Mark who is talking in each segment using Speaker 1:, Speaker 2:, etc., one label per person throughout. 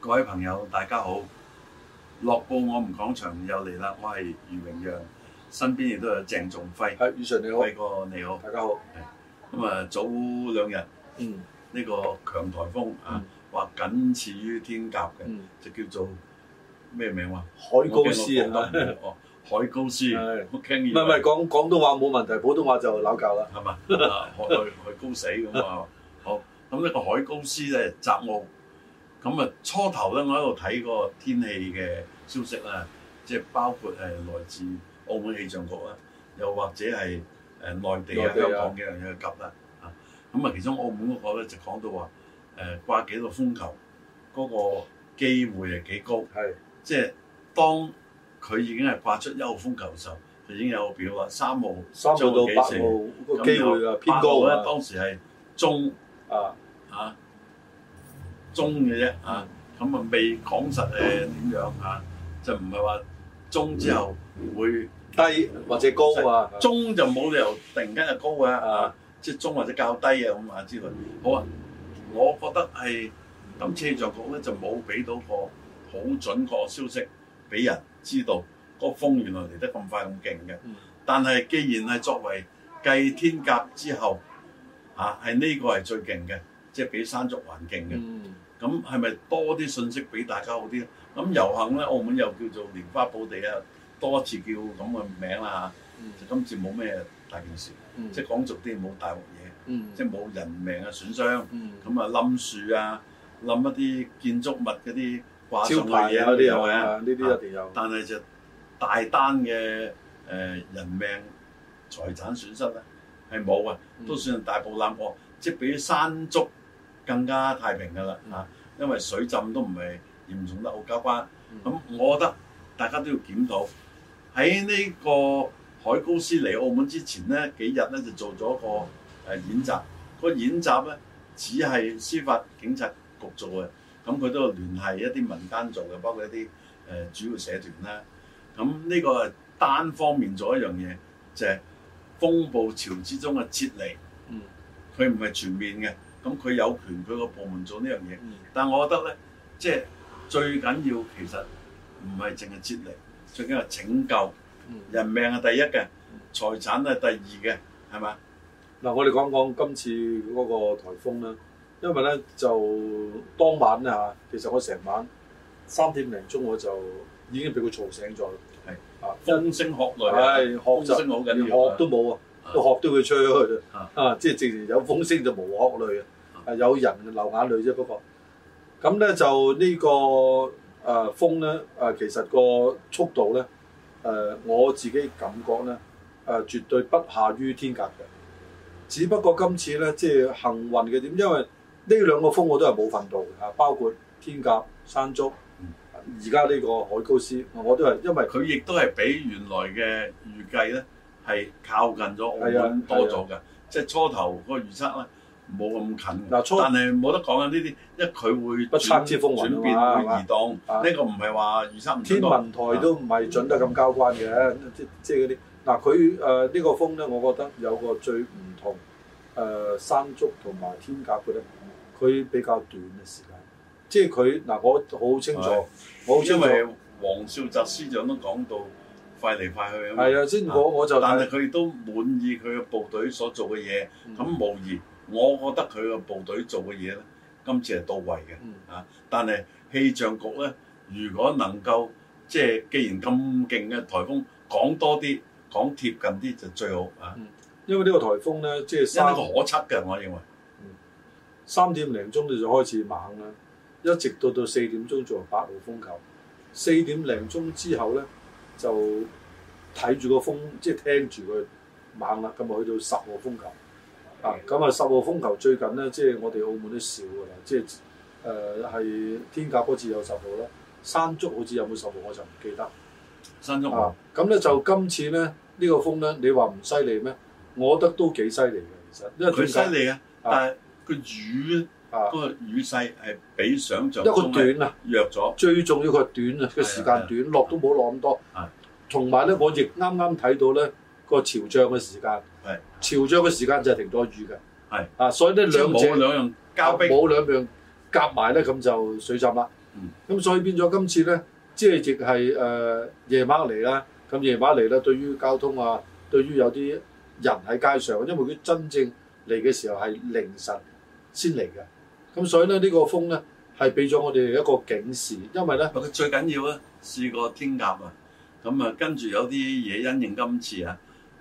Speaker 1: 各位朋友，大家好！樂報我們講場又嚟啦，我係余榮陽，身邊亦都有鄭仲輝，係余 s Sir，你好，輝哥，你好，大家好。咁啊，早兩日，嗯，呢個強颱風、嗯、啊，話僅次於天鴿嘅，嗯、就叫做咩名話？海高斯啦。 海高斯，唔係唔係講廣東話冇問題，普通話就鬧交啦，係嘛？海去高死咁啊！好，咁呢個海高斯咧襲澳，咁啊初頭咧，我喺度睇個天氣嘅消息啦，即係包括係來自澳門氣象局啦，又或者係誒內地啊地香港嘅人嘢嚟夾啦，啊咁啊，其中澳門嗰個咧就講到話誒掛幾個風球，嗰個機會係幾高，係是即係當。佢已經係掛出一號風球嘅時候，就已經有表話三號做到八號機會啦。偏高咧號、啊、當時係中啊嚇中嘅啫啊，咁啊未講、啊、實誒點樣啊，就唔係話中之後會、嗯、低或者高啊。是中就冇理由突然間就高啊啊，啊即係中或者較低啊咁啊之類。好啊，我覺得係咁，氣象局咧就冇俾到個好準確消息。俾人知道嗰、那個風原來嚟得咁快咁勁嘅，但係既然係作為繼天鴿之後，啊，係呢個係最勁嘅，即係俾山竹還勁嘅。咁係咪多啲信息俾大家好啲咧？咁遊行咧，澳門又叫做蓮花寶地啊，多次叫咁嘅名啦嚇。就今次冇咩大件事，嗯、即係講俗啲冇大鑊嘢，嗯、即係冇人命嘅損傷。咁啊冧樹啊，冧一啲建築物嗰啲。招牌嘢嗰啲有嘅，呢啲、啊、一定有。啊、但係就大單嘅誒、人命財產損失咧係冇嘅，都算大步躝過，嗯、即係比山竹更加太平嘅啦嚇。因為水浸都唔係嚴重得好交關。咁、嗯、我覺得大家都要檢討喺呢個海高斯嚟澳門之前咧幾日咧就做咗個演習，個演習咧只係司法警察局做嘅。咁佢都係聯繫一啲民間做嘅，包括一啲誒、呃、主要社團啦。咁呢個係單方面做一樣嘢，就係、是、風暴潮之中嘅撤離。嗯，佢唔係全面嘅。咁佢有權佢個部門做呢樣嘢。嗯、但係我覺得咧，即係最緊要其實唔係淨係撤離，最緊要係拯救、嗯、人命係第一嘅，嗯、財產係第二嘅，係咪？嗱、嗯，我哋講講今次嗰個颱風啦。因
Speaker 2: 為咧就當晚咧嚇，其實我成晚三點零鐘我就已經俾佢嘈醒咗。係是啊，風聲鶴唳，哎、風聲好緊要啊！啊鶴都冇啊，都學到佢吹咗去啊！即係直情有風聲就冇鶴唳啊！啊有人流眼淚啫，不過呢、這個。咁咧就呢個誒風咧誒，其實個速度咧誒、呃，我自己感覺咧誒、呃，絕對不下於天鴿。嘅。只不過今次咧即係幸運嘅點，因為，因為呢兩個風我都係冇份到嘅，包括天鴿、山竹，而家呢個海高斯
Speaker 1: 我都係，因為佢亦都係比原來嘅預計咧係靠近咗澳門多咗嘅，即係初頭個預測咧冇咁近，嗱初，但係冇得講啊！呢啲，因為佢會不測之風雲啊，轉變移動，呢個唔係話預測唔到。天文台都唔
Speaker 2: 係準得咁交關嘅，即即
Speaker 1: 係嗰啲。嗱佢誒呢個風
Speaker 2: 咧，我覺得有個最唔同誒山竹同埋天鴿嘅佢比較短嘅時間，即係佢嗱，我好清楚，的我清楚，因為
Speaker 1: 黃少澤司長都講到快嚟快去啊。係啊、嗯，即係我我就，但係佢亦都滿意佢嘅部隊所做嘅嘢。咁無疑，嗯、我覺得佢嘅部隊做嘅嘢咧，今次係到位嘅、嗯、啊。但係氣象局咧，如果能夠即係既然咁勁嘅颱風，講多啲，講貼近啲就最好啊。嗯、因為個台呢個颱風咧，即係因為可測嘅，我認為。三點
Speaker 2: 零鐘你就開始猛啦，一直到到四點鐘做八號風球。四點零鐘之後咧，就睇住個風，即係聽住佢猛啦。咁啊，去到十號風球。的啊，咁、嗯、啊，十號風球最近咧，即係我哋澳門都少㗎啦。即係誒係天鴿嗰次有十號啦，山竹好似有冇十號，我就唔記得。山竹啊，咁咧、啊、就今次咧呢、呢個風咧，你話唔犀利咩？我覺得都幾犀利嘅，其實因為佢犀利啊，但係。個雨啊，個雨勢係比想像中一個短啊，弱咗。最重要佢係短啊，個時間短，落都冇落咁多。係，同埋咧，我亦啱啱睇到咧，個潮漲嘅時間，係潮漲嘅時間就係停咗雨嘅，係啊，所以咧，兩者兩樣交，冇兩樣夾埋咧，咁就水浸啦。嗯，咁所以變咗今次咧，即係亦係誒夜晚嚟啦，咁夜晚嚟咧，對於交通啊，對於有啲人喺街上，因為佢真正嚟嘅時候係凌晨。先嚟
Speaker 1: 嘅，咁所以咧呢個風咧係俾咗我哋一個警示，因為咧佢最緊要咧，試過天鴿啊，咁啊跟住有啲嘢因應今次啊，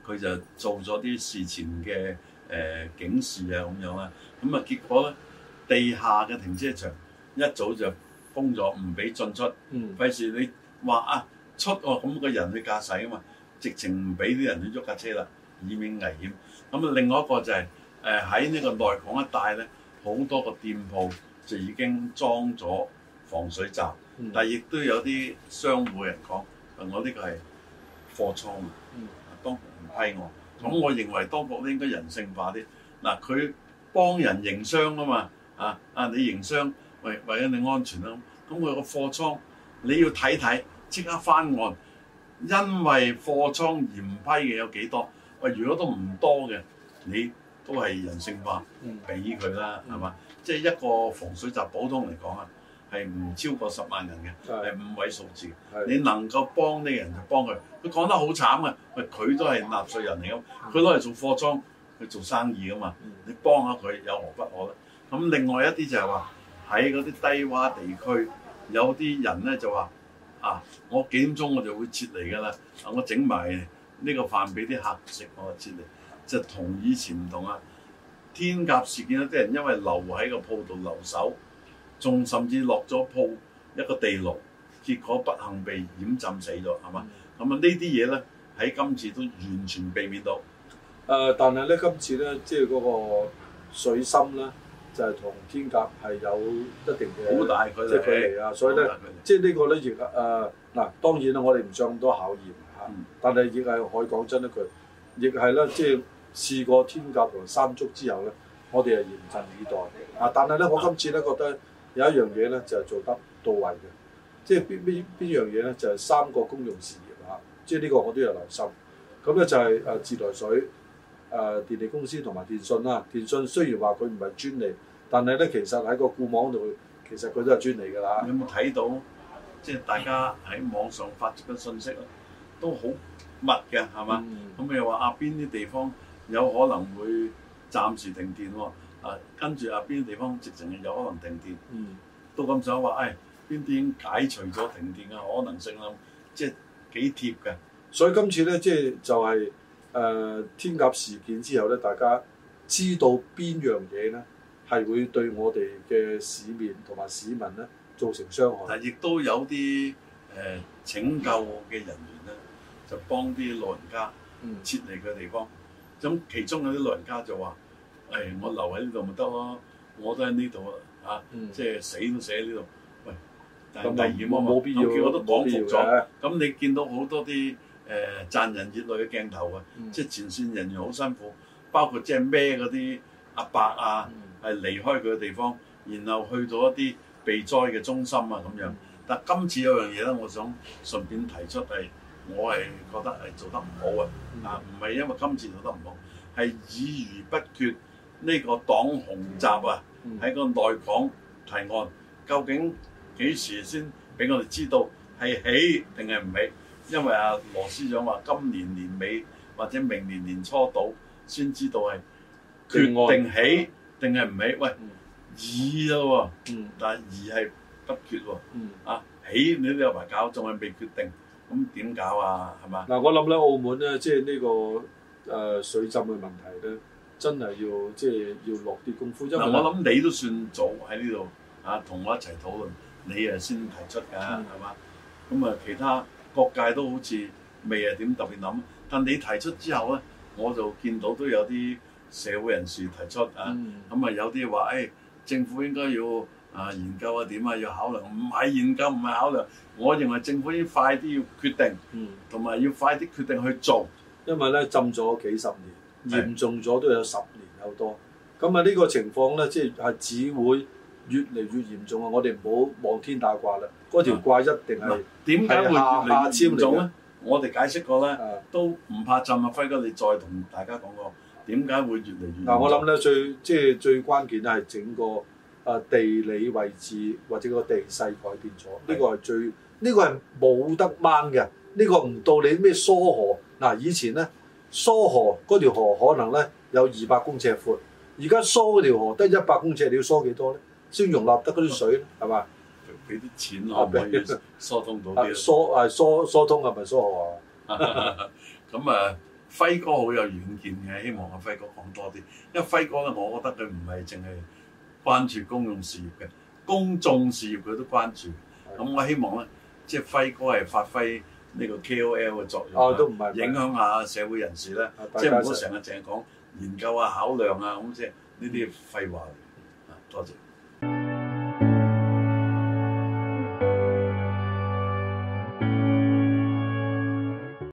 Speaker 1: 佢就做咗啲事前嘅誒警示啊咁樣啊，咁啊結果咧地下嘅停車場一早就封咗，唔俾進出，費事你話啊出哦咁個人去駕駛啊嘛，直情唔俾啲人去喐架車啦，以免危險。咁啊另外一個就係誒喺呢個內港一帶咧。好多個店鋪就已經裝咗防水閘，嗯、但係亦都有啲商戶人講，我呢、嗯、個係貨倉啊，嗯、當唔批我。咁、嗯、我認為當局咧應該人性化啲。嗱、啊，佢幫人營商啊嘛，啊啊，你營商為為咗你安全啦。咁佢個貨倉你要睇睇，即刻翻案，因為貨倉而唔批嘅有幾多？喂，如果都唔多嘅，你。都係人性化俾佢、嗯、啦，係嘛、嗯？即係、就是、一個防水襲，普通嚟講啊，係唔超過十萬人嘅，係是五位數字。是你能夠幫呢個人就幫佢，佢講得好慘嘅，佢都係納稅人嚟嘅，佢攞嚟做貨倉去做生意嘅嘛。你幫下佢有何不可咧？咁另外一啲就係話喺嗰啲低窪地區有啲人咧就話啊，我幾點鐘我就會撤離㗎啦，我整埋呢個飯俾啲客食我就撤離。就同以前唔同啊！天鴿事件有啲人因為留喺個鋪度留守，仲甚至落咗鋪一個地牢，結果不幸被掩浸死咗，係嘛？咁啊、嗯，呢啲嘢咧喺今次都完全避免到。誒、呃，但係咧今次咧，即係嗰個水深咧，就係、是、同天鴿
Speaker 2: 係有一定嘅好大距離啊！欸、所以咧，即係呢個咧亦誒嗱，當然啦，我哋唔想咁多考驗吓，嗯、但係亦係可以講真一句，亦係咧，即係、就是。試過天鴿同埋山竹之後咧，我哋係嚴陣以待啊！但係咧，我今次咧覺得有一樣嘢咧就係、是、做得到位嘅，即係邊邊邊樣嘢咧就係、是、三個公用事業啊。即係呢個我都有留心。咁、啊、咧就係、是、誒，自來水、誒、啊、電力公司同埋電信啦、啊。電信雖然話佢唔係專利，但係咧其實
Speaker 1: 喺個固網度，其實佢都係專利㗎啦。你有冇睇到即係大家喺網上發出嘅信息都好密嘅係嘛？咁你又話啊邊啲地方？有可能會暫時停電喎、哦，啊，跟住啊邊啲地方直情有可能停電，嗯、都咁想話，誒邊啲已經解除咗停電嘅、啊、可能性啦、啊，即係幾貼嘅。所以今次咧，即係就係、是、誒、就是呃、天
Speaker 2: 鴿事件之後咧，大家知道邊樣嘢咧係會對我哋
Speaker 1: 嘅市面同埋市民咧造成傷害。但亦都有啲誒、呃、拯救嘅人員、呃、咧，就幫啲老人家撤離嘅地方。嗯咁其中有啲老人家就話，誒、哎，我留喺呢度咪得咯，我都喺呢度啊，嗯、即係死都死喺呢度。喂，但危險啊嘛，咁結果都講服咗。咁你見到好多啲誒賺人熱淚嘅鏡頭啊，嗯、即係前線人員好辛苦，包括即係孭嗰啲阿伯啊，係離、嗯、開佢嘅地方，然後去到一啲避災嘅中心啊咁樣。但係今次有樣嘢咧，我想順便提出係。我係覺得係做得唔好啊！啊，唔係因為今次做得唔好，係議而不決呢個黨紅集啊，喺、嗯、個內港提案，究竟幾時先俾我哋知道係起定係唔起？因為阿、啊、羅司長話今年年尾或者明年年初到先知道係決定起定係唔起。喂，議、嗯、啊喎，但係而係不決喎、啊，嗯、啊，起你都係咪搞仲係未決定？咁點搞啊？係嘛？嗱，我諗咧，澳門咧，即係、這、呢個誒、呃、水浸嘅問題咧，真係要即係要落啲功夫。因為我諗你都算早喺呢度啊，同我一齊討論，你啊先提出㗎，係嘛、嗯？咁啊，其他各界都好似未係點特別諗，但你提出之後咧，我就見到都有啲社會人士提出啊，咁啊、嗯、有啲話誒，政府應該要。啊，研究啊點啊要考慮，唔係研究唔係考慮，我認為政府應快啲要決定，嗯，同埋要快啲決定去做，因為咧浸咗幾十年，
Speaker 2: 麼嚴重咗都有十年有多，咁啊呢個情況咧，即係係只會越嚟越嚴重啊！我哋唔好望天打卦啦，嗰條卦一定係點解會越嚟越嚴重咧？我哋解釋過咧，都唔怕浸啊！輝哥，你再同大家講過點解會越嚟越嚴重？嗱，我諗咧，最即係最關鍵係整個。啊，地理位置或者個地勢改變咗，呢個係最，呢個係冇得掹嘅。呢個唔到你咩疏河嗱，以前咧疏河嗰條河可能咧有二百公尺闊，而家疏嗰條河得一百公尺，你要疏幾多咧先容納得嗰啲水咧係嘛？俾啲錢可唔可以
Speaker 1: 疏通到啲疏啊疏疏通係咪疏河啊？咁啊，輝哥好有遠見嘅，希望阿輝哥講多啲，因為輝哥咧，我覺得佢唔係淨係。關注公用事業嘅，公眾事業佢都關注，咁的我希望咧，即係輝哥係發揮呢個 K O L 嘅作用、啊，哦、都影響下社會人士咧，即係唔好成日淨係講研究啊、考量啊咁，即係呢啲廢話嚟。啊、嗯，多謝。